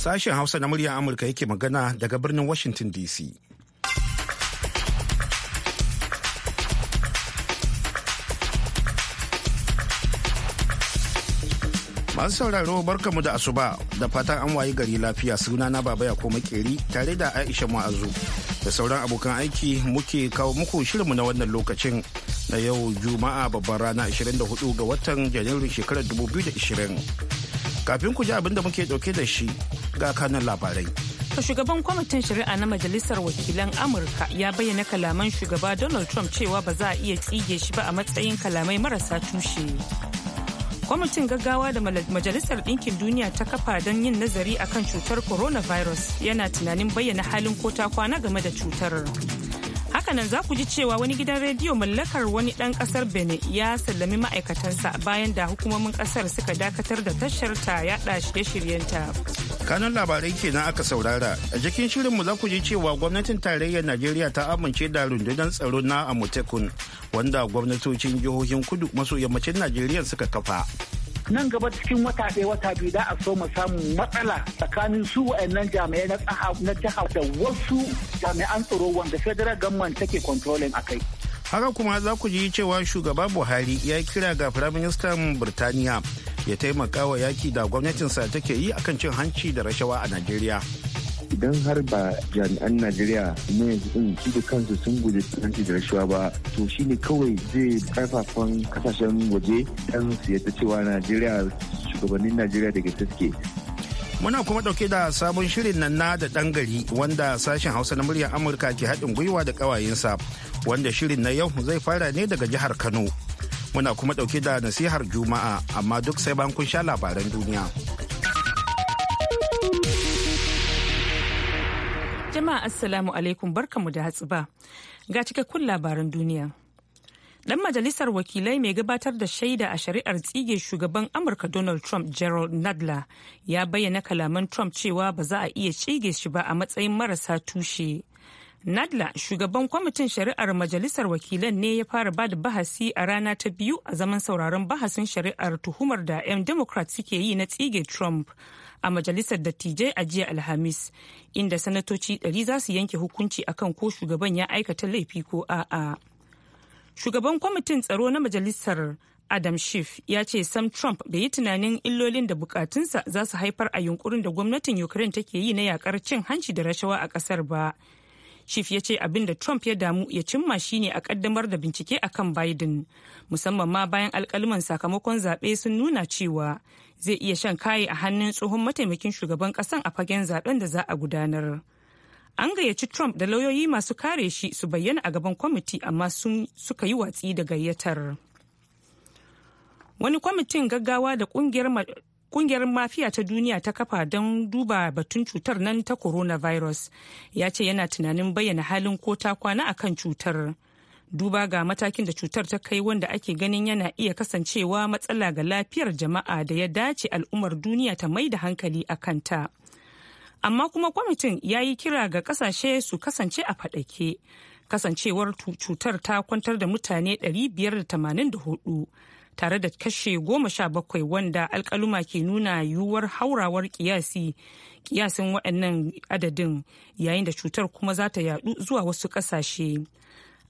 Sashen Hausa na muryar Amurka yake magana daga birnin Washington DC. masu sauraro barkamu da asuba da fatan an wayi gari lafiya suna na baba ya koma keri tare da aisha ma'azu da sauran abokan aiki muke kawo muku shirinmu na wannan lokacin na yau juma'a babban rana 24 ga watan janairu shekarar 2020 kafin ku ji abin da muke dauke da shi ga kanan labarai. shugaban kwamitin shari'a na majalisar wakilan amurka ya bayyana kalaman shugaba donald trump cewa ba za a iya tsige shi ba a matsayin kalamai marasa tushe kwamitin gaggawa da majalisar ɗinkin duniya ta kafa don yin nazari a kan cutar coronavirus yana tunanin bayyana halin kota kwana game da cutar hakanan za ku ji cewa wani gidan rediyo mallakar wani ɗan ƙasar benin ya sallami ma'aikatansa bayan da hukumomin ƙasar suka dakatar da tashar ta yaɗa shirye-shiryenta kanan labarai kenan aka saurara a jikin shirinmu za ku ji cewa gwamnatin tarayyar najeriya ta amince da rundunar tsaro na amotekun wanda gwamnatocin jihohin kudu maso yammacin najeriya suka kafa nan gaba cikin wata ɗaya wata biyu da a so mu samu matsala tsakanin su wa'annan jami'ai na na jiha da wasu jami'an tsaro wanda federal government take controlling kai haka kuma za ku ji cewa shugaba buhari ya kira ga firaministan birtaniya ya taimaka wa yaki da gwamnatin gwamnatinsa take yi akan cin hanci da rashawa a Najeriya. Idan har ba jami'an Najeriya na yanzu din su da kansu sun guji hanci da rashawa ba, to shi ne kawai zai karfafan kasashen waje don su yadda cewa Najeriya shugabannin Najeriya daga suke. Muna kuma ɗauke da sabon shirin nan na da ɗan gari wanda sashen Hausa na muryar Amurka ke haɗin gwiwa da ƙawayensa wanda shirin na yau zai fara ne daga jihar Kano. muna kuma ɗauke da nasihar juma'a amma duk sai bayan kun sha labaran duniya. Jama'a Assalamu alaikum barkamu da hatsiba ga cikakkun labaran duniya. ɗan majalisar wakilai mai gabatar da shaida a shari'ar tsige shugaban Amurka Donald Trump Gerald Nadler ya bayyana kalaman Trump cewa ba za a iya tsige shi ba a matsayin marasa tushe. Nadla shugaban kwamitin shari'ar majalisar wakilan ne ya fara ba da bahasi a rana ta biyu a zaman sauraron bahasin shari'ar tuhumar da 'yan democrat suke yi na tsige Trump a majalisar dattijai a jiya Alhamis inda sanatoci 100 za su yanke hukunci akan ko shugaban ya aikata laifi ko a'a. Shugaban kwamitin tsaro na majalisar Adam Schiff ya ce Sam Trump bai yi tunanin illolin da bukatunsa za su haifar a yunkurin da gwamnatin Ukraine take yi na yakar cin hanci da rashawa a kasar ba. Chief ya ce abin da Trump ya damu ya cimma shine a kaddamar da bincike akan Biden. Musamman ma bayan alkaliman sakamakon zaɓe sun nuna cewa zai iya shan kayi a hannun tsohon mataimakin shugaban ƙasan a fagen zaɓen da za a gudanar. An gayyaci Trump da lauyoyi masu kare shi su bayyana a gaban kwamiti amma sun suka yi watsi da gayyatar. Wani kwamitin gaggawa da kungiyar kungiyar mafiya ta duniya ta kafa don duba batun cutar nan ta coronavirus ya ce yana tunanin bayyana halin ko ta kwana a kan cutar duba ga matakin da cutar ta kai wanda ake ganin yana iya kasancewa matsala ga lafiyar jama'a da ya dace al'ummar duniya ta mai da hankali a kanta amma kuma kwamitin ya yi kira ga kasashe su kasance a faɗake kasancewar cutar ta kwantar da mutane 584 tare da kashe goma sha bakwai wanda alkaluma ke nuna yiwuwar haurawar kiyasi kiyasin waɗannan adadin yayin da cutar kuma za ta yadu zuwa wasu ƙasashe.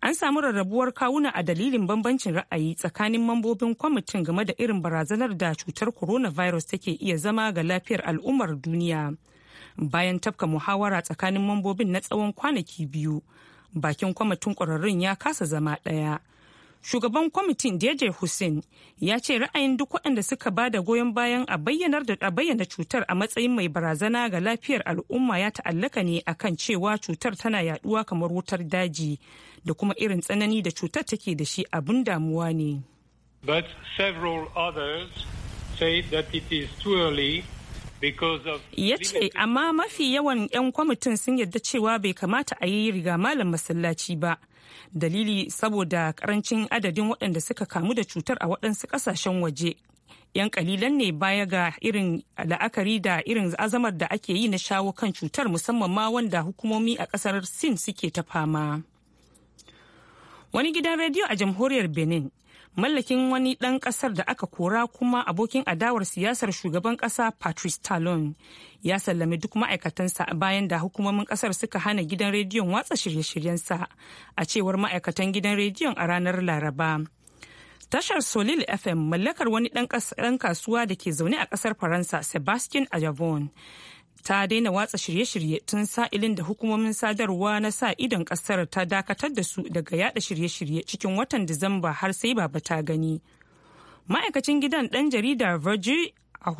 an samu rarrabuwar kawuna a dalilin bambancin ra'ayi tsakanin mambobin kwamitin game da irin barazanar da cutar coronavirus take iya zama ga lafiyar al'ummar duniya bayan tafka muhawara tsakanin mambobin na tsawon kwanaki biyu bakin kwamitin ƙwararrun ya kasa zama ɗaya shugaban kwamitin Dj hussein ya ce ra'ayin duk waɗanda suka ba da goyon bayan a bayyana cutar a matsayin mai barazana ga lafiyar al'umma ya ta'allaka ne akan cewa cutar tana yaduwa kamar wutar daji da kuma irin tsanani da cutar take da shi abin damuwa ne ya ce amma mafi yawan 'yan kwamitin sun yarda cewa bai kamata a yi riga malam masallaci ba dalili saboda karancin adadin waɗanda suka kamu da cutar a waɗansu ƙasashen waje yan kalilan ne baya ga irin la'akari da irin azamar da ake yi na shawo kan cutar musamman ma wanda hukumomi a ƙasar sin suke ta fama wani gidan rediyo a jamhuriyar benin mallakin wani ɗan ƙasar da aka kora kuma abokin adawar siyasar shugaban ƙasa patrice talon ya sallame duk ma'aikatansa bayan da hukumomin ƙasar suka hana gidan rediyon watsa shirye-shiryensa a cewar ma'aikatan gidan rediyon a ranar laraba tashar solil fm mallakar wani ɗan kasuwa da ke zaune a ƙasar faransa sebastian ajavon ta daina watsa shirye-shirye tun sa'ilin da hukumomin sadarwa na sa idon kasar ta dakatar da su daga yada shirye-shirye cikin watan disamba har sai baba ta gani ma'aikacin gidan dan jarida virgil a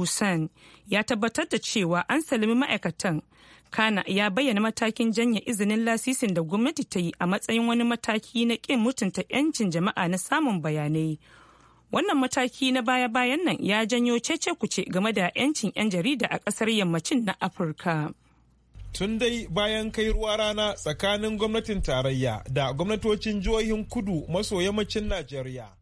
ya tabbatar da cewa an salimi ma'aikatan kana ya bayyana matakin janya izinin lasisin da gwamnati ta yi a matsayin wani mataki na ƙin mutunta 'yancin jama'a na samun bayanai wannan mataki na baya-bayan nan ya janyo cece kuce game da 'yancin 'yan jarida a ƙasar yammacin na afirka tun dai bayan kai ruwa rana tsakanin gwamnatin tarayya da gwamnatocin jihohin kudu maso yammacin najeriya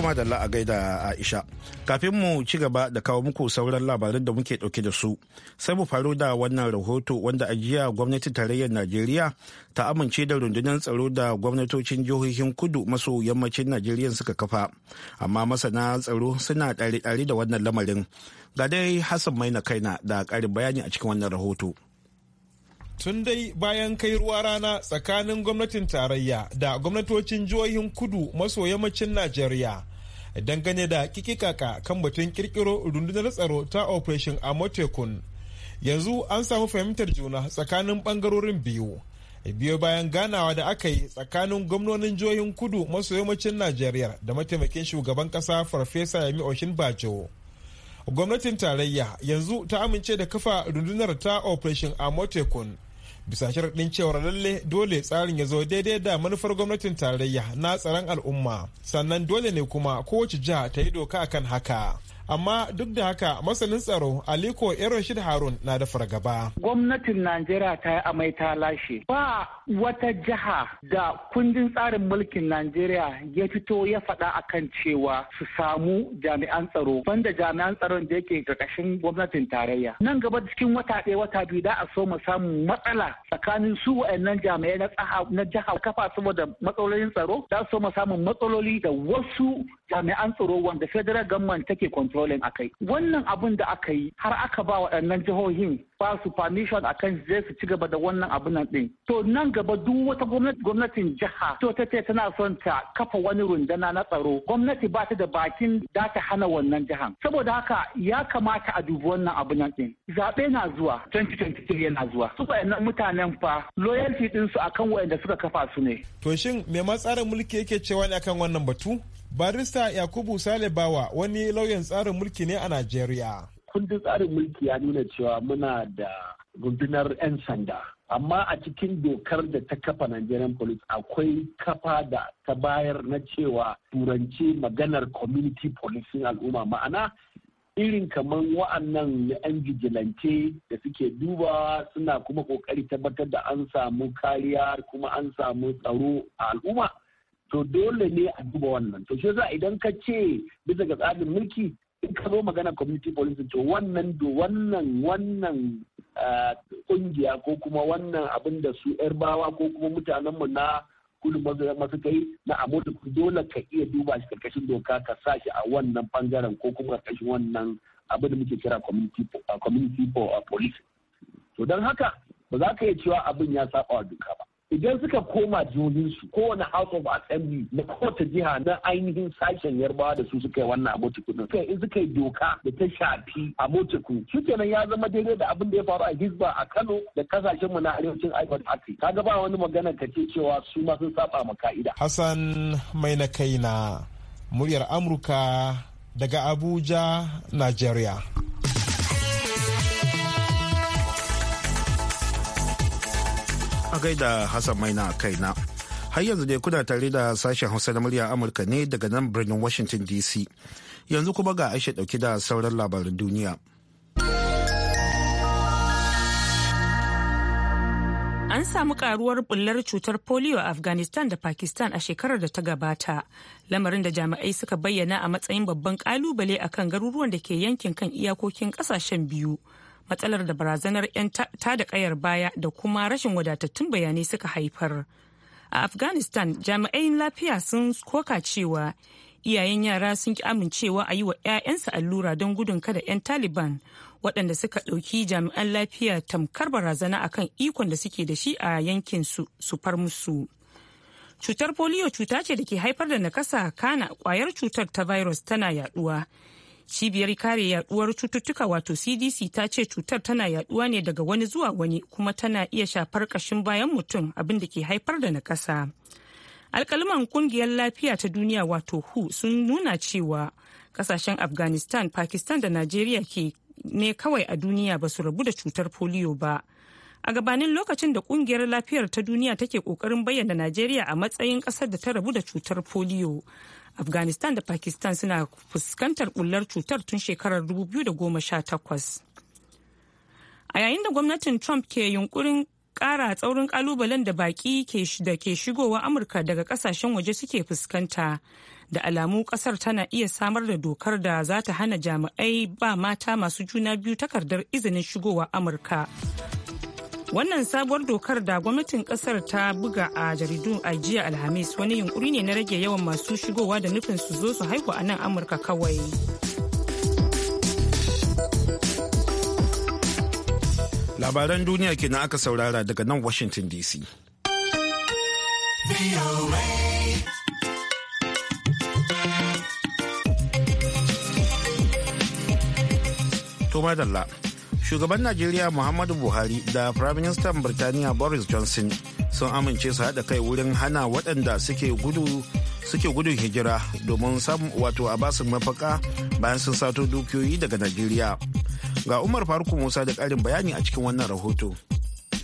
koma da la'a gaida Aisha. Kafin mu ci gaba da kawo muku sauran labarin da muke dauke da su, sai mu faro da wannan rahoto wanda ajiya gwamnatin tarayyar Najeriya ta amince da rundunar tsaro da gwamnatocin jihohin kudu maso yammacin Najeriya suka kafa. Amma masana tsaro suna ɗare-ɗare da wannan lamarin. Ga dai Hassan Maina Kaina da ƙarin bayani a cikin wannan rahoto. tun dai bayan kai ruwa rana tsakanin gwamnatin tarayya da gwamnatocin jihohin kudu maso yammacin najeriya dangane da kikikaka kan batun kirkiro rundunar tsaro ta operation amotekun yanzu an samu fahimtar juna tsakanin bangarorin biyu biyo bayan ganawa da aka yi tsakanin gwamnonin jihohin kudu maso yammacin najeriya da mataimakin shugaban kasa farfesa yami oshin bajo gwamnatin tarayya yanzu ta amince da kafa rundunar ta operation amotekun bisa sharaɗin cewar lalle dole tsarin ya zo daidai da manufar gwamnatin tarayya na tsaron al'umma sannan dole ne kuma kowace jiha ta yi doka kan haka amma duk da haka masanin tsaro aliko erashid harun na da fargaba gwamnatin najeriya ta yi amai ta lashe ba wata jiha da kundin tsarin mulkin najeriya ya fito ya faɗa kan cewa su samu jami'an tsaro banda jami'an tsaron da yake ƙarƙashin gwamnatin tarayya nan gaba cikin wata ɗaya wata biyu da a so mu samu matsala tsakanin su wa'annan jami'ai na jiha kafa saboda matsalolin tsaro da so mu samu matsaloli da wasu jami'an tsaro wanda federal government take control a akai wannan abun da aka yi har aka ba waɗannan jihohin ba su permission akan zai su ci gaba da wannan abun nan din to nan gaba duk wata gwamnatin jiha to ta ce tana son ta kafa wani rundana na tsaro gwamnati ba ta da bakin da ta hana wannan jihan saboda haka ya kamata a dubi wannan abun nan din zaɓe na zuwa 2023 yana zuwa su waɗannan mutanen fa loyalty ɗinsu akan waɗanda suka kafa su ne to shin me matsarin mulki yake cewa ne akan wannan batu barista yakubu Salibawa wani lauyan tsarin mulki ne a najeriya kundin tsarin mulki ya nuna cewa muna da rundunar 'yan sanda amma a cikin dokar da ta kafa Nigerian Police akwai kafa da ta bayar na cewa turanci maganar community policing al'umma ma'ana irin kamar wa'annan 'yan vigilante da suke duba suna kuma kokari tabbatar da an samu kariya kuma an samu tsaro a al'umma to dole ne a duba wannan to shi za idan ka ce bisa ga tsarin mulki in ka zo magana community policy to wannan do wannan wannan kungiya ko kuma wannan abin da su yarbawa ko kuma mutanenmu na kudu masu kai na amurka dole ka iya duba shi karkashin doka ka sa shi a wannan bangaren ko kuma karkashin wannan abin da muke kira community for police to don haka ba za ka iya cewa abin ya saba wa duka ba idan suka koma ko kowane house of assembly na kowace jiha na ainihin sashen yarbawa da su suka yi wannan abota kudin suka in suka yi doka da ta shafi abota kudin shi kenan ya zama daidai da abin da ya faru a hizba a kano da kasashen mu na arewacin ivory africa ba wani magana ka ce cewa su ma sun saba ma ka'ida hassan mai na kai na muryar amurka daga abuja nigeria A gaida Hassan Maina kaina. Har yanzu dai kuna tare da sashen Hausa na murya Amurka ne daga nan birnin Washington DC. Yanzu kuma ga Aisha ɗauki da sauran labarin duniya. an samu karuwar bullar cutar polio a afghanistan da pakistan a shekarar da ta gabata lamarin da jami'ai suka bayyana a matsayin babban kalubale akan garuruwan da ke yankin kan iyakokin kasashen biyu matsalar da barazanar 'yan da kayar baya da kuma rashin wadatattun bayanai suka haifar. A Afghanistan, jami'ai lafiya sun koka cewa iyayen yara sun ki amincewa a yi wa 'ya'yansu allura don gudun kada 'yan Taliban waɗanda suka ɗauki jami'an lafiya tamkar barazana akan ikon da suke da shi a yankin su far musu. Cutar polio cuta ce da ke haifar da nakasa kana kwayar cutar ta virus tana yaduwa. cibiyar kare yaduwar cututtuka wato cdc ta ce cutar tana yaduwa ne daga wani zuwa wani kuma tana iya shafar kashin bayan mutum abin da ke haifar da nakasa alkaliman kungiyar lafiya ta duniya wato hu sun nuna cewa kasashen afghanistan pakistan da najeriya ke ne kawai a duniya ba su rabu da cutar polio ba a gabanin lokacin da kungiyar lafiyar ta duniya take kokarin bayyana najeriya a matsayin kasar da ta rabu da cutar polio afghanistan da pakistan suna fuskantar bullar cutar tun shekarar 2018 a yayin da gwamnatin trump ke yunkurin kara tsaurin kalubalen da baki da ke shigowa amurka daga kasashen waje suke fuskanta da alamu kasar tana iya samar da dokar da za ta hana jami'ai ba mata masu juna biyu takardar izinin shigowa amurka wannan sabuwar dokar da gwamnatin kasar ta buga a jaridun a jiya alhamis wani yunkuri ne na rage yawan masu shigowa da nufin su zo su haihu a nan amurka kawai labaran duniya kenan aka saurara daga nan washington dc to shugaban najeriya muhammadu buhari da firaministan birtaniya boris johnson sun amince su haɗa kai wurin hana waɗanda suke gudu suke gudun hijira domin samun wato a basu mafaka bayan sun sato dukiyoyi daga najeriya ga umar faruk musa da ƙarin bayani a cikin wannan rahoto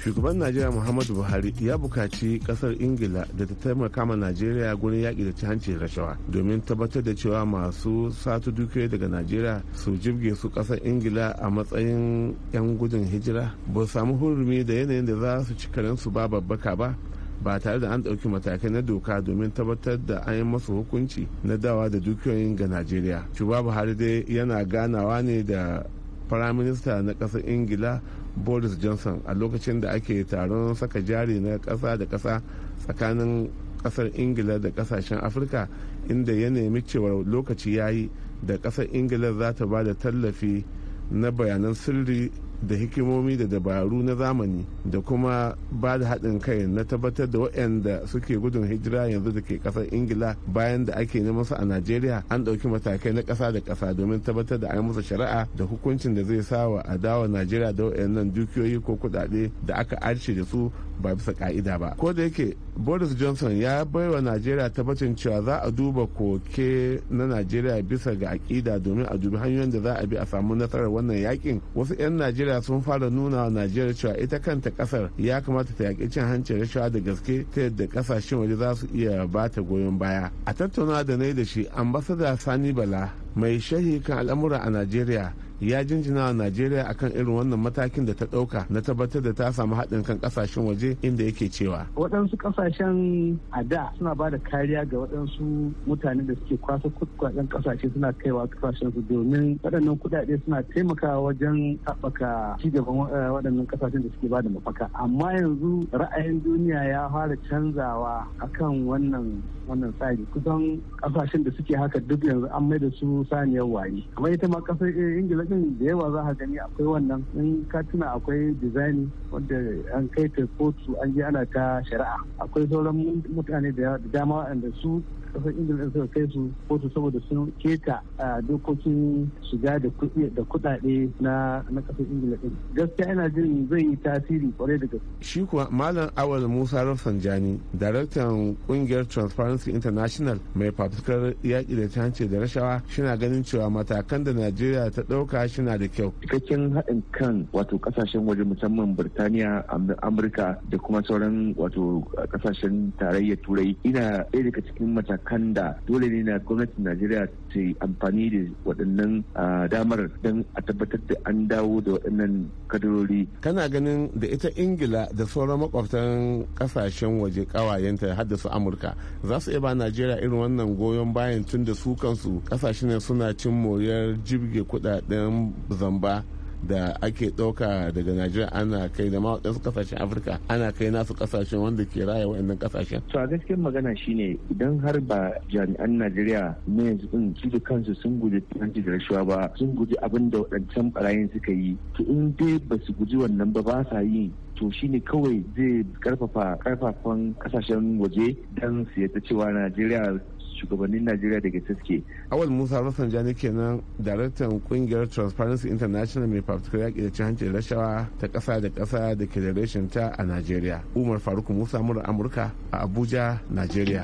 shugaban najeriya muhammadu buhari ya bukaci kasar ingila da ta taimaka ma najeriya gurin yaƙi da ci hanci rashawa domin tabbatar da cewa masu satu dukiyoyi daga najeriya su jibge su kasar ingila a matsayin 'yan gudun hijira ba samu hurumi da yanayin da za su ci su ba babbaka ba ba tare da an ɗauki matakai na doka domin tabbatar da an yi masa hukunci na dawa da dukiyoyin ga najeriya shugaba buhari dai yana ganawa ne da firaminista na ƙasar ingila boris johnson a lokacin da ake taron saka jari na kasa da kasa tsakanin kasar ingila da kasashen afirka inda ya nemi cewar lokaci ya yi da kasar ingila za ta ba da tallafi na bayanan sirri da hikimomi da dabaru na zamani da kuma ba da haɗin kai na tabbatar da waɗanda suke gudun hijira yanzu da ke ƙasar ingila bayan da ake neman su a najeriya an ɗauki matakai na ƙasa da ƙasa domin tabbatar da an musu shari'a da hukuncin da zai sa wa adawa najeriya da waɗannan dukiyoyi ko kuɗaɗe da aka arce da su ba bisa ka'ida ba ko da yake boris johnson ya baiwa najeriya tabbacin cewa za a duba koke na najeriya bisa ga aƙida domin a dubi hanyoyin da za a bi a samu nasarar wannan yakin wasu 'yan najeriya najeriya sun fara nuna najeriya cewa ita kanta kasar ya kamata ta yaƙi cin hanci rashawa da gaske ta yadda kasashen waje za su iya ba ta goyon baya a tattauna da na yi da shi ambasada sani bala mai shahi kan al'amura a najeriya ya jinjina najeriya akan irin wannan matakin da ta ɗauka na tabbatar da ta samu haɗin kan kasashen waje inda yake cewa waɗansu kasashen a da suna ba da kariya ga waɗansu mutane da suke kwasa kuɗaɗen kasashe suna kaiwa ƙasashen su domin waɗannan kuɗaɗe suna taimakawa wajen haɓaka cigaban eh, waɗannan kasashen da suke ba da mafaka amma yanzu ra'ayin duniya ya fara canzawa akan wannan wannan tsari kusan ƙasashen da suke haka duk yanzu an mai da su saniyar waye. kamar ita ma ƙasar eh, ingila wajen da yawa za a gani akwai wannan in ka tuna akwai dizaini wanda an kai ta kotu an ji ana ta shari'a akwai sauran mutane da dama waɗanda su kasar ingila suka kai su kotu saboda sun keta dokokin shiga da kudade na kasar ingila din gaskiya ina jin zai yi tasiri kwarai da gaske shi kuwa malam awal musa rafsanjani daraktan kungiyar transparency international mai fafutukar yaƙi da ta hanci da rashawa shina ganin cewa matakan da najeriya ta ɗauka ɗauka na da kyau. Cikakken haɗin kan wato ƙasashen waje musamman Birtaniya, Amurka da kuma sauran wato ƙasashen tarayyar Turai ina ɗaya daga cikin matakan da dole ne na gwamnatin Najeriya ta amfani da waɗannan damar don a tabbatar da an dawo da waɗannan kadarori. Kana ganin da ita Ingila da sauran makwabtan ƙasashen waje ƙawayenta haddasa Amurka za su iya ba Najeriya irin wannan goyon bayan tun da su kansu ƙasashen suna cin moriyar jibge kuɗaɗen garin zamba da ake ɗauka daga Najeriya ana kai da waɗansu kasashen Afirka ana kai nasu kasashen wanda ke raya waɗannan kasashen. To a gaskiyar magana shine idan har ba jami'an Najeriya ne yanzu din su da kansu sun guji tanti da rashuwa ba sun guji abin da waɗancan barayin suka yi to in dai ba su guji wannan ba ba sa yi to shine kawai zai karfafa karfafan kasashen waje don su yadda cewa Najeriya shugabannin najeriya daga suke awal musa jani kenan daraktan kungiyar transparency international mai fafutukar yaƙi da cin hanci rashawa ta ƙasa da ƙasa da ke da reshen ta a najeriya umar faruk musa mura amurka a abuja najeriya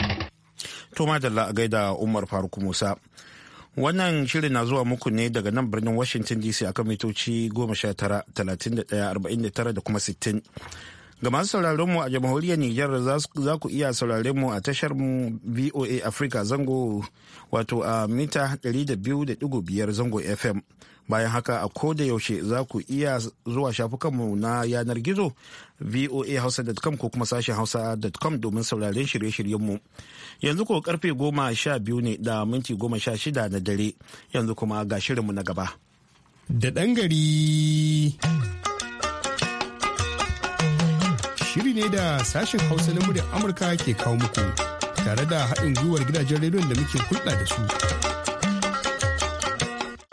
to madalla a gaida umar faruk musa wannan shirin na zuwa muku ne daga nan birnin washington dc akan mitoci sha tara talatin da kuma sittin. Ga masu sauraron mu a jamhuriyar Nijar za ku iya sauraren mu a tashar mu VOA Africa zango wato a mita 200.5 zango FM. Bayan haka a koda yaushe za ku iya zuwa shafukanmu na yanar gizo voahausa.com ko kuma sashen hausa.com domin sauraron shirye shiryen mu Yanzu ko karfe goma sha biyu ne da minti goma sha shida na dare yanzu kuma ga shirinmu na gaba. Da ɗan gari. shiri ne da sashen hausa na muryar amurka ke kawo muku tare da haɗin gwiwar gidajen rediyon da muke hulɗa da su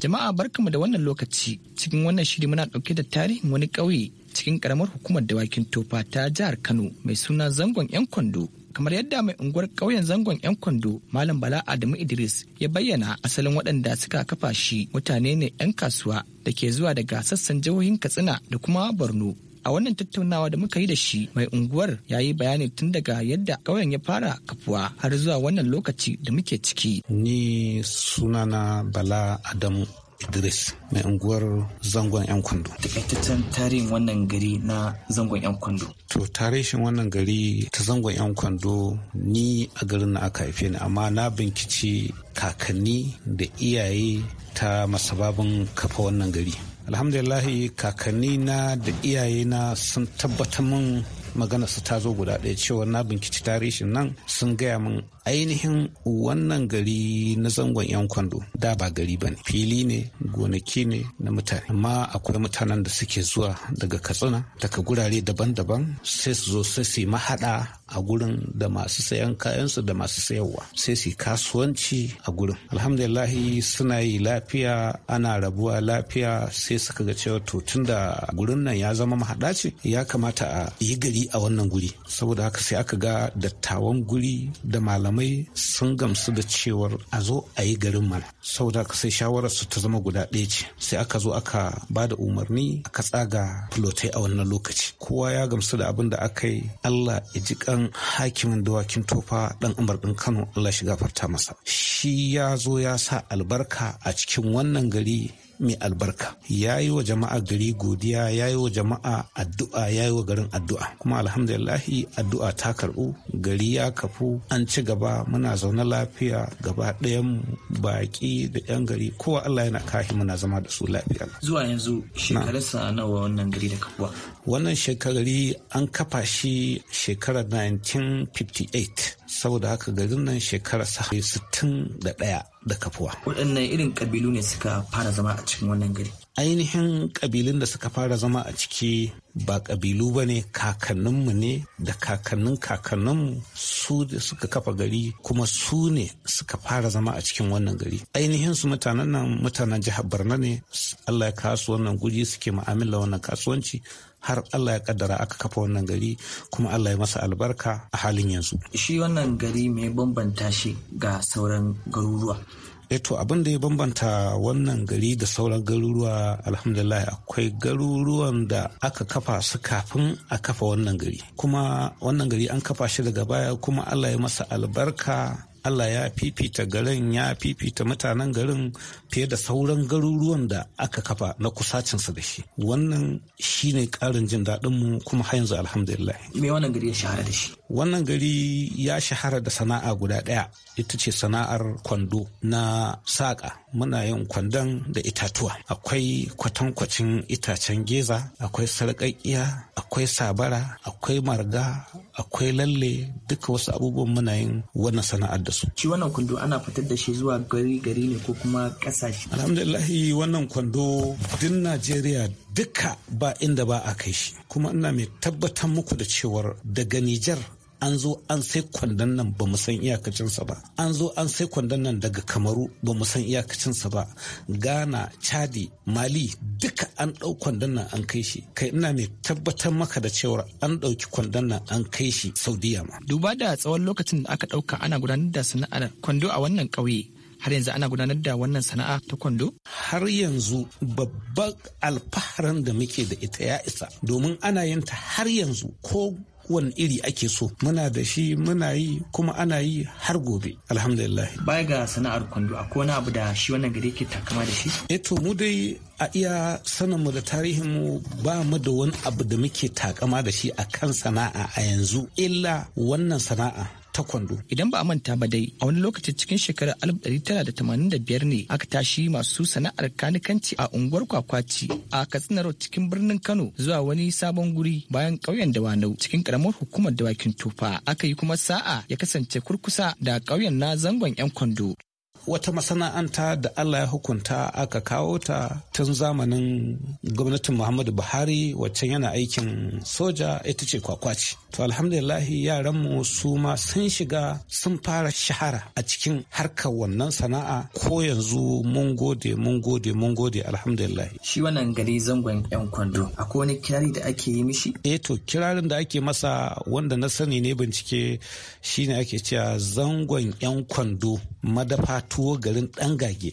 jama'a barkamu da wannan lokaci cikin wannan shiri muna ɗauke da tarihin wani ƙauye cikin ƙaramar hukumar dawakin tofa ta jihar kano mai suna zangon 'yan kwando kamar yadda mai unguwar ƙauyen zangon 'yan kwando malam bala adamu idris ya bayyana asalin waɗanda suka kafa shi mutane ne 'yan kasuwa da ke zuwa daga sassan jihohin katsina da kuma borno a wannan tattaunawa da muka yi da shi mai unguwar ya yi bayani tun daga yadda ƙauyen ya fara kafuwa har zuwa wannan lokaci da muke ciki ni sunana bala adamu Idris mai unguwar zangon 'yan kwando. Takaitaccen tarihin wannan gari na zangon 'yan kwando. To tarihin wannan gari ta zangon 'yan kwando ni a garin na aka haife ni amma na binkici kakanni da iyaye ta masababin kafa wannan gari. alhamdulillahi kakanni na da iyaye na sun tabbatar min magana su ta zo guda ɗaya cewa na binciki tarihin nan sun gaya min ainihin wannan gari na zangon yan kwando da ba gari ba ne fili ne gonaki ne na mutane amma akwai mutanen da suke zuwa daga katsina daga gurare daban-daban sai su zo sai su mahaɗa a gurin da masu sayan kayansu da masu sayarwa sai su kasuwanci a gurin alhamdulillahi suna yi lafiya ana rabuwa lafiya sai suka ga cewa to tunda gurin nan ya zama mahaɗaci. ya kamata a yi gari a wannan guri saboda haka sai aka ga dattawan guri da malamai malamai sun gamsu da cewar a zo a yi garin mana saboda ka sai shawarar su ta zama guda ɗaya ce sai aka zo aka ba da umarni aka tsaga filotai a wannan lokaci kowa ya gamsu da abin da aka yi Allah ya ji kan hakimin dawakin tofa ɗan umar din Kano Allah shi gafarta masa shi ya zo ya sa albarka a cikin wannan gari mai albarka ya yi wa jama'a gari godiya ya yi wa jama'a addu'a ya yi wa garin addu'a kuma alhamdulillahi addu'a ta karɓu gari ya kafu an ci gaba muna zaune lafiya gaba ɗayan baƙi da 'yan gari kowa Allah yana kahi muna zama da su lafiya. Zuwa yanzu shekararsa nawa wannan gari da kafuwa? Wannan shekarari an kafa shi shekarar 1958 saboda haka garin nan shekara sittin da ɗaya da kafuwa. Waɗannan irin ƙabilu ne suka fara zama a cikin wannan gari. Ainihin ƙabilun da suka fara zama a ciki ba kabilu ba ne kakanninmu ne da kakannin kakanninmu su da suka kafa gari kuma su ne suka fara zama a cikin wannan gari ainihin su mutanen nan mutanen jihar borno ne allah ya kasu wannan guji suke ma'amala wannan kasuwanci har Allah ya kaddara aka kafa wannan gari kuma Allah ya masa albarka a halin yanzu. Shi wannan gari mai bambanta shi ga sauran garuruwa. eto eh, abin da ya bambanta wannan gari da sauran garuruwa alhamdulillah akwai garuruwan da aka kafa su kafin a kafa wannan gari kuma wannan gari an kafa shi daga baya kuma allah ya masa albarka Allah ya fifita garin ya fifita mutanen garin fiye da sauran garuruwan da aka kafa na kusacinsa da shi wannan shine karin jin daɗinmu kuma har yanzu alhamdulillah me wannan gari ya shahara da shi wannan gari ya shahara da sana'a guda ɗaya ita ce sana'ar kwando na saƙa muna yin kwandon da itatuwa akwai kwatankwacin itacen geza akwai sarƙaƙiya akwai sabara akwai marga akwai lalle duka wasu abubuwan muna yin wannan sana'ar da su shi wannan kwando ana fitar da shi zuwa gari gari ne ko kuma ƙasashe alhamdulillahi wannan kwando din najeriya duka ba inda ba a kai shi kuma ina mai tabbatar muku da cewar daga nijar an zo an sai kwandon nan ba mu san iyakacinsa ba an zo an sai kwandon nan daga kamaru ba mu san iyakacinsa ba ghana chadi mali duka an ɗau kwandon nan an kai shi kai ina mai tabbatar maka da cewar an ɗauki kwandon nan an kai shi saudiya ma duba da tsawon lokacin da aka ɗauka ana gudanar da sana'ar kwando a wannan ƙauye har yanzu ana gudanar da wannan sana'a ta kwando? Har yanzu babban alfaharin da muke da ita ya isa domin ana yin ta har yanzu ko wani iri ake so muna da shi muna yi kuma ana yi har gobe alhamdulillah baya ga sana'ar kwando a wani abu da shi wannan gari ke takama da shi eto eh mu dai a iya mu da tarihinmu ba mu da wani abu da muke takama da shi a kan sana'a a yanzu illa wannan sana'a ta idan ba a manta ba dai a wani lokaci cikin shekarar 1985 ne aka tashi masu sana'ar kanikanci a unguwar kwakwaci a katsina road cikin birnin kano zuwa wani sabon guri bayan ƙauyen da dawanau cikin karamar hukumar dawakin tufa aka yi kuma sa'a ya kasance kurkusa da ƙauyen na zangon yan kwando wata masana'anta da Allah ya hukunta aka kawo ta tun zamanin gwamnatin Muhammadu Buhari waccan yana aikin soja ita ce kwakwaci. To alhamdulillahi yaranmu su ma sun shiga sun fara shahara a cikin harkar wannan sana'a ko yanzu mun gode mun gode mun gode alhamdulillahi. Shi wannan gari zangon yan kwando akwai wani kirari da ake yi mishi? Eh to kirarin da ake masa wanda na sani ne bincike shine ake cewa zangon yan kwando madafa tuwo garin ɗan gage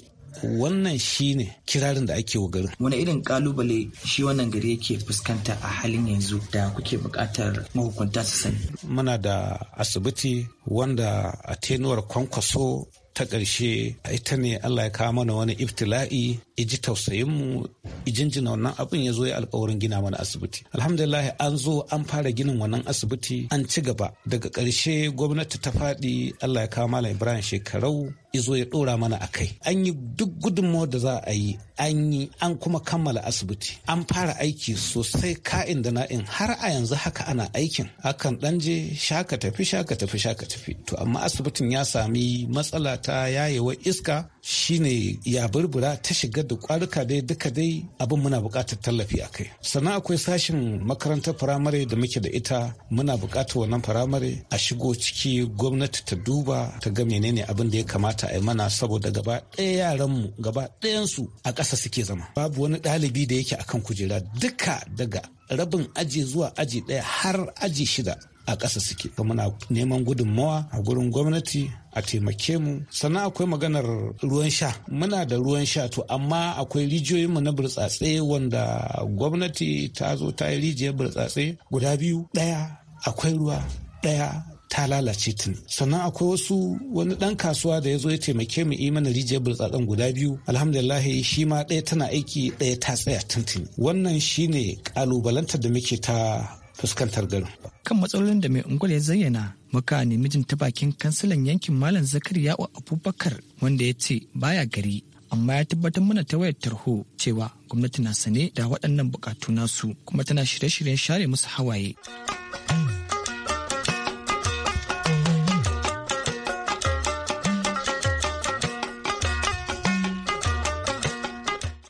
wannan shine kirarin da ake wa garin. Wani irin kalubale shi wannan gari yake fuskanta a halin yanzu da kuke buƙatar mahukunta su sani. Muna da asibiti wanda a tenuwar kwankwaso ta ƙarshe ita ne Allah ya kawo mana wani iftila'i iji tausayinmu ijinjina wannan abin ya zo ya alkawarin gina mana asibiti alhamdulillah an zo an fara ginin wannan asibiti an ci gaba daga ƙarshe gwamnati ta faɗi Allah ya kawo malam Ibrahim shekarau zo ya ɗora mana a kai an yi duk gudunmawar da za a yi an yi an kuma kammala asibiti an fara aiki sosai ka'in da na'in har a yanzu haka ana aikin akan ɗan je shaka tafi shaka tafi shaka tafi to amma asibitin ya sami matsala ta yayewa iska shine ya burbura ta shiga da kwaruka dai duka dai abin muna buƙatar tallafi a kai sannan akwai sashin makarantar firamare da muke da ita muna buƙatar wannan firamare a shigo ciki gwamnati ta duba ta ga menene abin da ya kamata kamata a yi mana saboda gaba ɗaya yaranmu gaba ɗayansu a ƙasa suke zama babu wani ɗalibi da yake akan kujera duka daga rabin aji zuwa aji ɗaya har aji shida a ƙasa suke muna neman gudunmawa a gurin gwamnati a taimake mu sannan akwai maganar ruwan sha muna da ruwan sha to amma akwai rijiyoyinmu na burtsatse wanda gwamnati ta zo ta yi rijiyar burtsatse guda biyu ɗaya akwai ruwa ɗaya ta lalace tuni sannan akwai wasu wani dan kasuwa da ya zo ya taimake mu yi mana rijiyar burtsatsen guda biyu alhamdulillah shi ma ɗaya tana aiki ɗaya ta tsaya tuntun wannan shine kalubalantar da muke ta fuskantar garin kan matsalolin da mai ungul ya zayyana muka nemi jin ta bakin kansilan yankin malam zakariya abubakar wanda ya ce baya gari amma ya tabbatar mana ta wayar tarho cewa gwamnati na sane da waɗannan bukatu nasu kuma tana shirye-shiryen share musu hawaye.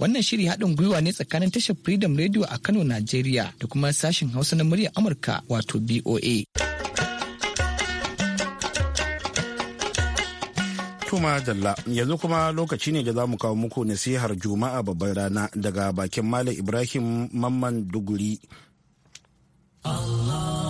Wannan shiri haɗin gwiwa ne tsakanin tashar Freedom Radio a Kano, nigeria da kuma sashen Hausa na muryar Amurka wato BOA. kuma Dalla yanzu kuma lokaci ne da za mu kawo muku nasihar Juma'a babbar rana daga bakin Malam Ibrahim Mamman Duguri. Allah.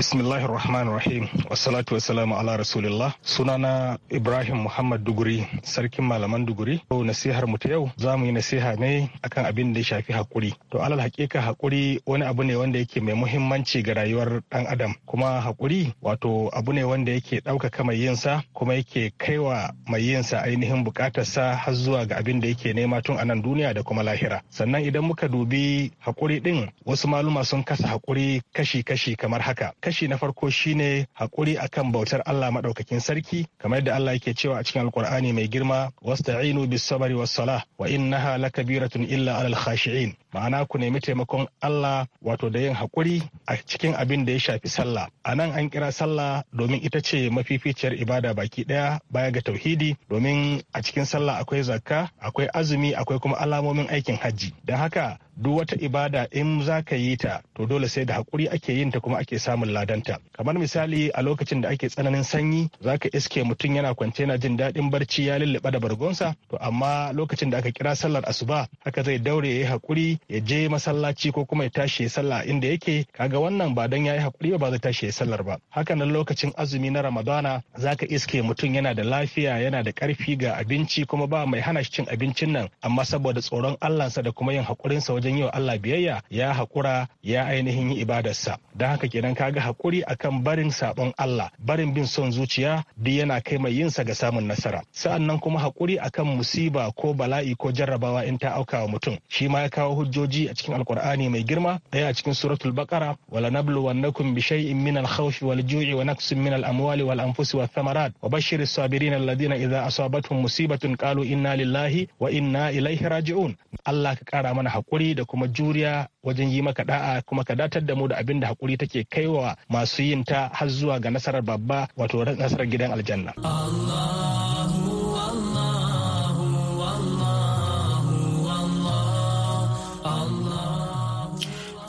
Bismillahi rahman rahim wasalatu wasalamu ala rasulillah sunana ibrahim muhammad duguri sarkin malaman duguri to nasihar mu ta yau za mu yi nasiha ne akan abin da ya shafi hakuri to alal hakika hakuri wani abu ne wanda yake mai muhimmanci ga rayuwar dan adam kuma hakuri wato abu ne wanda yake ɗaukaka mai yinsa kuma yake kaiwa mai yinsa ainihin sa har zuwa ga abin da yake nema tun a nan duniya da kuma lahira sannan idan muka dubi hakuri ɗin wasu maluma sun kasa hakuri kashi-kashi kamar haka kashi na farko shine hakuri akan bautar Allah madaukakin sarki kamar da Allah yake cewa a cikin alkur'ani mai girma wasta'inu bis sabri was salah wa innaha lakabiratun illa alal khashi'in ma'ana ku nemi taimakon Allah wato da yin hakuri a cikin abin da ya shafi sallah anan an kira sallah domin ita ce mafificiyar ibada baki daya baya ga tauhidi domin a cikin sallah akwai zakka akwai azumi akwai kuma alamomin aikin hajji don haka duk wata ibada in za ka yi ta to dole sai da hakuri ake yin ta kuma ake samun ladanta kamar misali a lokacin da ake tsananin sanyi za ka iske mutum yana kwance yana jin daɗin barci ya lullube da bargonsa to amma lokacin da aka kira sallar asuba haka zai daure ya yi hakuri ya je masallaci ko kuma ya tashi ya sallah inda yake kaga wannan ba dan ya yi hakuri ba zai tashi sallar ba haka nan lokacin azumi na ramadana za ka iske mutum yana da lafiya yana da karfi ga abinci kuma ba mai hana shi cin abincin nan amma saboda tsoron allansa da kuma yin hakurinsa wajen wajen yau Allah biyayya ya haƙura ya ainihin yi ibadarsa don haka kenan kaga haƙuri akan barin sabon Allah barin bin son zuciya duk yana kai mai yinsa ga samun nasara sa'annan kuma haƙuri akan musiba ko bala'i ko jarrabawa in ta auka wa mutum shi ma ya kawo hujjoji a cikin alkur'ani mai girma ɗaya a cikin suratul baqara wala nabluwannakum bi shay'in min al-khawfi wal ju'i wa naqsin min al-amwali wal anfusi wa thamarat wa bashshir as-sabirin alladhina idza asabatuhum musibatun qalu inna lillahi wa inna ilaihi raji'un Allah ka kara mana haƙuri da kuma juriya wajen yi maka da'a kuma ka datar da mu da abin da hakuri take kaiwa masu yin ta har zuwa ga nasarar babba wato nasarar gidan aljanna.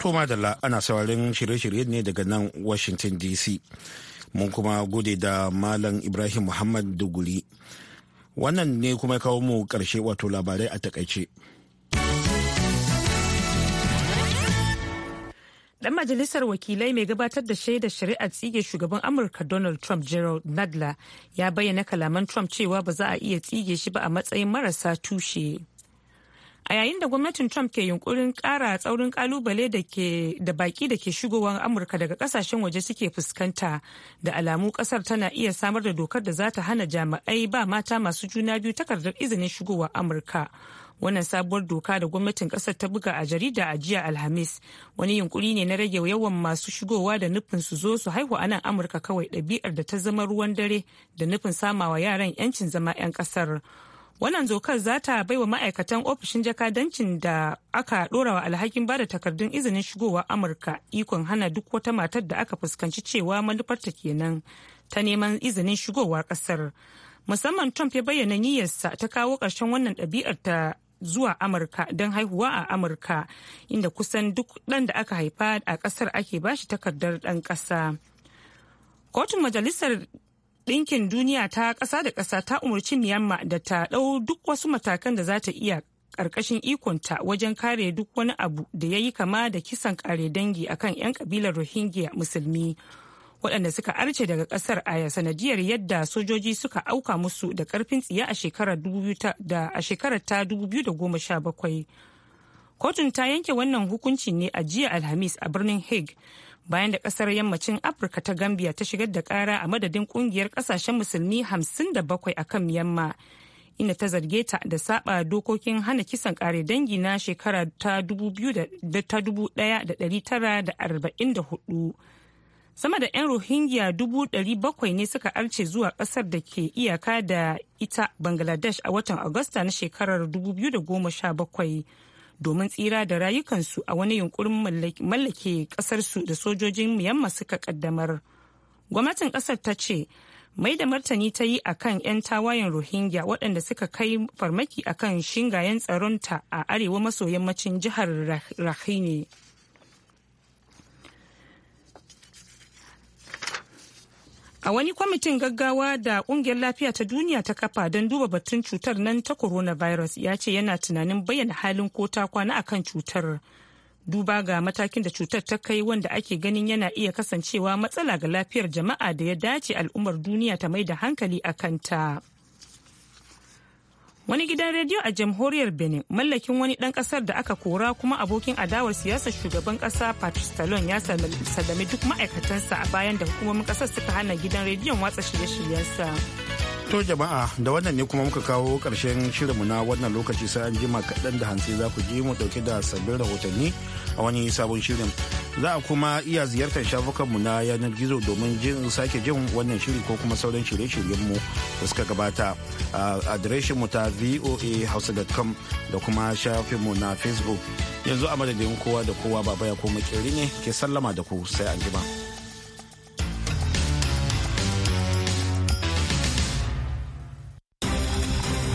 Toma Dalla ana saurin shirye-shirye ne daga nan Washington DC. Mun kuma gode da Malam Ibrahim Muhammad Duguri. Wannan ne kuma kawo mu ƙarshe wato labarai a takaice. Dan majalisar wakilai mai gabatar da shaidar shari'ar tsige shugaban Amurka Donald Trump Gerald Nadler ya bayyana kalaman Trump cewa ba za a iya tsige shi ba a matsayin marasa tushe. A yayin da gwamnatin Trump ke yunkurin kara tsaurin kalubale da baki da ke shigowar Amurka daga kasashen waje suke fuskanta da alamu kasar tana iya samar da dokar da za ta hana jami'ai ba mata masu juna biyu takardar izinin shigowa Amurka. wannan sabuwar doka da gwamnatin kasar ta buga a jarida a jiya alhamis wani yunkuri ne na rage yawan masu shigowa da nufin su zo su haihu a nan amurka kawai ɗabi'ar da ta zama ruwan dare da nufin samawa yaran 'yancin zama 'yan kasar wannan zokar za ta wa ma'aikatan ofishin jakadancin da aka ɗora wa alhakin bada takardun izinin shigowa amurka ikon hana duk wata matar da aka fuskanci cewa manufarta kenan ta neman izinin shigowa ƙasar musamman trump ya bayyana niyyarsa ta kawo ƙarshen wannan ɗabi'ar ta zuwa amurka don haihuwa a amurka inda kusan duk ɗan da aka haifa a kasar ake bashi takardar dan kasa. kotun majalisar ɗinkin duniya ta ƙasa da ƙasa ta umarci myanmar da ta ɗau duk wasu matakan da za ta iya ƙarƙashin ikonta wajen kare duk wani abu da ya yi kama da kisan kare dangi akan 'yan ƙabilar rohingya musulmi waɗanda suka arce daga ƙasar a sanadiyar yadda sojoji suka auka musu da ƙarfin tsiya a shekarar ta 2017 kotun ta yanke wannan hukunci ne a jiya alhamis a birnin hague bayan da ƙasar yammacin afirka ta gambia ta shigar da ƙara a madadin ƙungiyar ƙasashen musulmi hamsin 57 a kan miyamma ina ta zarge ta da saba dokokin hana kisan kare dangi na shekara ta 1944 sama da 'yan rohingya bakwai ne suka arce zuwa kasar da ke iyaka da ita bangladesh a watan agusta na shekarar 2017 domin tsira da rayukansu a wani yunkurin mallake kasarsu da sojojin miyamma suka kaddamar gwamnatin kasar ta ce mai da martani ta yi a kan 'yan tawayen rohingya waɗanda suka kai farmaki a kan shingayen tsaronta a arewa maso yammacin jihar rakhine A wani kwamitin gaggawa da kungiyar lafiya ta duniya ta kafa don duba batun cutar nan ta coronavirus ya ce yana tunanin bayyana halin ko ta kwana akan cutar. Duba ga matakin da cutar ta kai wanda ake ganin yana iya kasancewa matsala ga lafiyar jama'a da ya dace al'ummar duniya ta mai da hankali a kanta. wani gidan rediyo a jamhuriyar benin mallakin wani ɗan ƙasar da aka kora kuma abokin adawar siyasar shugaban ƙasa patrice talon ya sallami duk ma'aikatansa a bayan da hukumomin ƙasar suka hana gidan rediyon watsa shirye-shiryensa To jama'a da wannan ne kuma muka kawo ƙarshen shirinmu na wannan lokaci sai an jima kaɗan da hantsi za ku ji mu ɗauki da sabbin rahotanni a wani sabon shirin. Za a kuma iya ziyartar shafukanmu na yanar gizo domin jin sake jin wannan shiri ko kuma sauran shirye-shiryenmu da suka gabata a adireshinmu ta voahouse.com da kuma shafinmu na facebook yanzu a madadin kowa da kowa baba ya koma ne ke sallama da ku sai an jima.